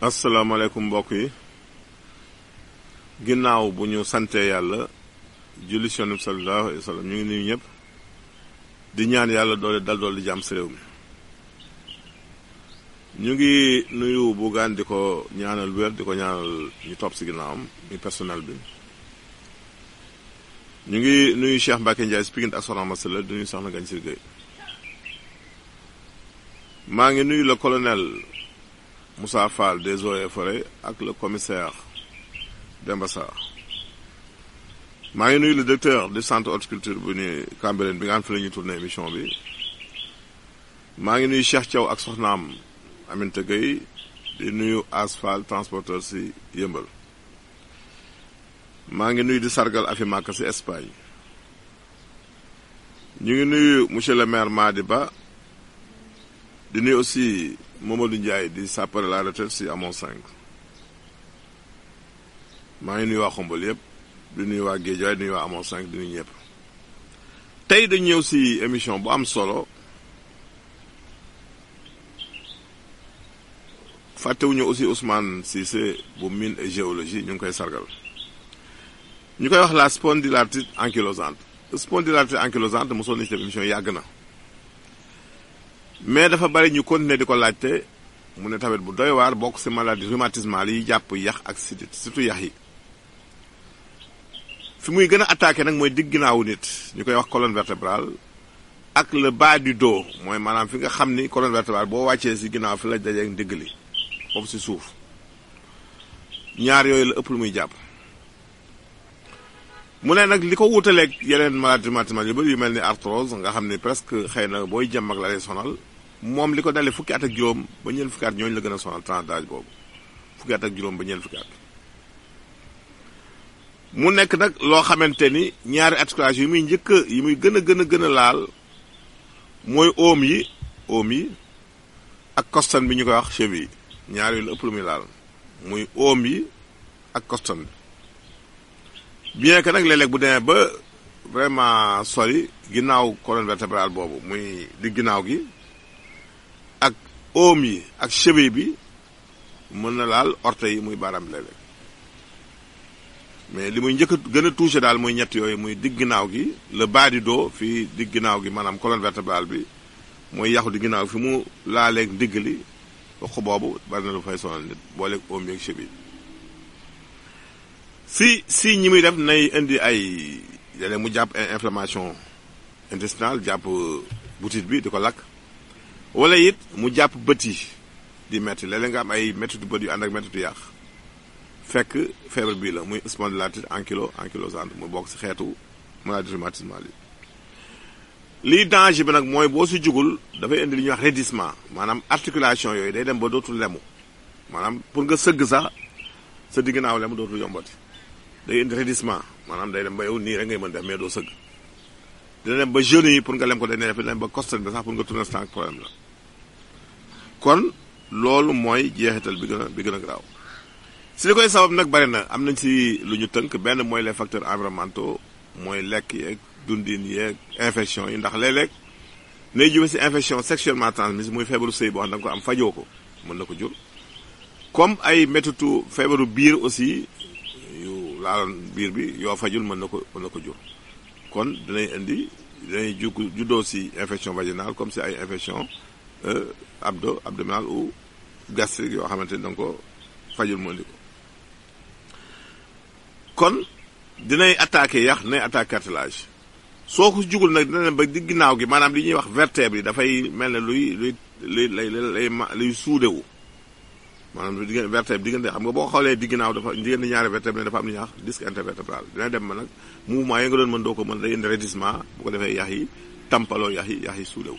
asalaamaaleykum mbokk yi ginnaaw bu ñu sante yàlla julli ci yonent bi ñu ngi nuyu ñëpp di ñaan yàlla doole dal dool di jàmm si mi ñu ngi nuyu Bougane di ko ñaanal wér di ko ñaanal ñu topp si ginnaawam ñu personnel bi ñu ngi nuyu Cheikh mbaki Ndiaye si Pikine ak Soxna Masala di nuyu Soxna Gagne Gueye maa ngi nuyu le colonel Moussa Fall des eaux et forêts ak le commissaire Demba Sarr ngi nuyu le docteur du centre horticulture bu ñuy Cambérène bi nga xam fi la tourné émission bi Ma ngi nuyu Cheikh Thiaw ak soxnaam Aminata Gueye di nuyu Asphal transporteur si Yëmbal Ma ngi nuyu di sargal Afi Maka si Espagne ñu ngi nuyu monsieur le maire Madi Ba di nuyu aussi moom Mamadou Ndiaye di sapeur à la retraite si amoon cinq maa ngi nuy waa Xombol yëpp di nuyu waa Géejawaay di nuyu waa amoon cinq di nuyu ñëpp tey dañ ñëw si émission bu am solo fàttewuñu aussi Ousmane Cissé bu mine et géologie ñu ngi koy sargal ñu koy wax la spondylarthrite ankylosante spondylarthrite ankylosante mosoon nañu si def émission yàgg na. mais dafa bari ñu continuer di ko laajte mu ne tamit bu doy waar bokk ci maladie rhumatismale yi jàpp yax ak sidit surtout yax yi fi muy gën a attaqué nag mooy digg ginnaawu nit ñu koy wax colonne vertébrale ak la bas du dos mooy maanaam fi nga xam ni colonne vertébrale boo wàccee ci ginnaaw fi la dajeek ndigg li foofu ci suuf ñaar yooyu la ëpp lu muy jàpp mu ne nag li ko wutaleeg yeneen maladie rhumatismale yu bëri yu mel ni arthrose nga xam ni presque xëy na booy jëm la lay sonal moom li ko dalee fukki at ak juróom ba ñeent fukki at ñooñu la gën a sonal tranche d'âge boobu fukki at ak juróom ba ñeent fukki at mu nekk nag loo xamante ni ñaari articulation yi muy njëkk yi muy gën a gën a gën a laal mooy oom yi oom ak coston bi ñu koy wax cheville yi ñaar yooyu la ëpp lu muy laal muy oom yi ak coston bi bien que nag léeg bu demee ba vraiment sori ginnaaw colonne vertébrale boobu muy di ginnaaw gi ak oom yi ak chevet bi mën na laal orte yi muy baaraam léeg mais li muy njëkk gën a touché daal muy ñett yooyu muy digg ginnaaw gi le bas du dos fii digg ginnaaw gi maanaam colonne vertébrale bi mooy yàqu di ginnaaw fi mu laaleeg ndigg li wax boobu bari na lu fay sonal nit booleeg oom yeeg chevet bi si si ñi muy def nay indi ay léeg mu jàpp inflammation intestinale jàpp butit bi di ko lakk wala it mu jàpp bët yi di metti léeg-léeg nga am ay mettitu bët yu ànd ak mettitu yàq fekk feebar bii la muy spondylite ankylo ankylosante mu bokk si xeetu maladie rhumatismale yi lii danger bi nag mooy boo si jugul dafay indi li ñuy wax raidissement maanaam yooyu day dem ba dootul lemu maanaam pour nga sëgg sax sa digg naaw lemu dootul yombati day indi raidissement maanaam day dem ba yow nii rek ngay mën def mais doo sëgg dina dem ba genoux yi pour nga lem ko day dem ba costelle bi sax pour nga tourner sa problème la kon loolu mooy jeexital bi gën a bi si li koy sabab nag bari na am nañ si lu ñu tënk benn mooy les facteurs environnementaux mooy lekk yeeg dundin yeeg infection yi ndax léeg-léeg nay jume si infection sexuellement transmise muy feebaru sëy boo xam da nga ko am fajoo ko mën na ko jur comme ay méttitu feebaru biir aussi yu laaloon biir bi yoo fajul mën na ko mën na ko jur kon danay indi danay jug juddoo si infection vaginale comme si ay infection Euh, abdo abdominal ou gastrique yoo xamante ni da nga ko fajul mu indi ko kon dinay attaqué yax dinay attaqué cartilage soo ko jugul nag dina dem ba di ginnaaw gi maanaam li ñuy wax vertèbre yi dafay mel na luy luy luy lay lay luy suudewu maanaam di vertèbre xam nga boo xoolee di ginnaaw dafa diggante ñaari vertèbre ne dafa am lu ñuy wax disque intervertébral dina dem ba nag mouvement yi nga doon mën doo ko mën day indi raidissement bu ko defee yax yi tampaloo yax yi yax yi suudewu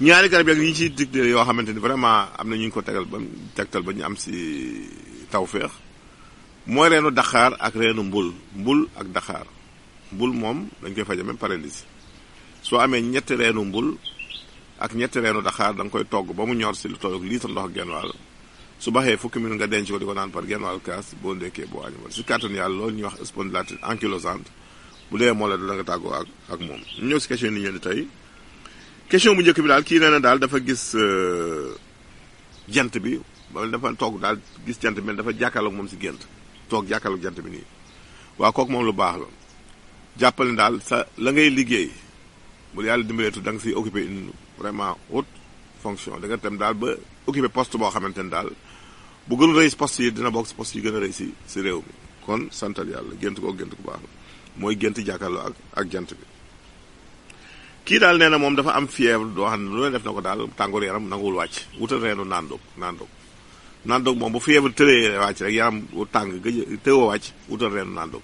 ñaari garab yi ñu ci digle yoo xamante ni vraiment am na ñu ñu ko tegal ba tegtal ba ñu am si tawféex mooy reenu daxaar ak reenu mbul mbul ak daxaar mbul moom dañ koy faje même paralysie amee ñetti reenu mbul ak ñetti reenu daxaar da nga koy togg ba mu ñor si lu toog litre ndox ak genn wàll su baxee fukki minute nga denc ko di ko naan par genn wàll kaas boo ndekkee boo añ wala si kàttan yàlla loolu ñuy wax spondylarthrite ankylosante bu dee moo la da nga tàggoo ak ak moom ñëw si question ni ñëw tey question bu njëkk bi daal kii nee na daal dafa gis euh, jant bi dafa toog daal gis jant bi dafa jàkkaarloog moom si gént toog jàkkaarloog jant bi nii waaw kooku moom lu baax la jàppale daal sa la ngay liggéey bu yàlla dimbaleetu da nga siy occupé une vraiment haute fonction da nga tam daal ba occupé poste boo xamante ne daal bu gën rëy poste yi dina bokk si poste yi gën a rëy si si réew mi kon santal yàlla gént koo gént ku baax la mooy gént jàkkaarloo ak ak jant bi kii daal nee na moom dafa am fièvre doo xam ne lu ne def na ko daal tàngoor yaram nanguwul wàcc wutal reenu naan doog naan doog naan doog moom bu fièvre tëree wàcc rek yaram tàng gëj tëwoo wàcc wutal reenu naan doog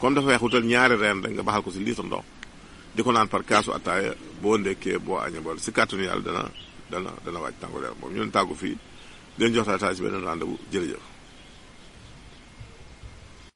comme dafa weex wutal ñaari reen rek nga baxal ko si litre ndox di ko naan par kaasu attaaya boo ndekkee boo añee bool si kàttanu yàlla dana dana dana wàcc tàngoor yaram moom ñu leen tàggu fii leen jox taataay si beneen rendez-vous jërëjëf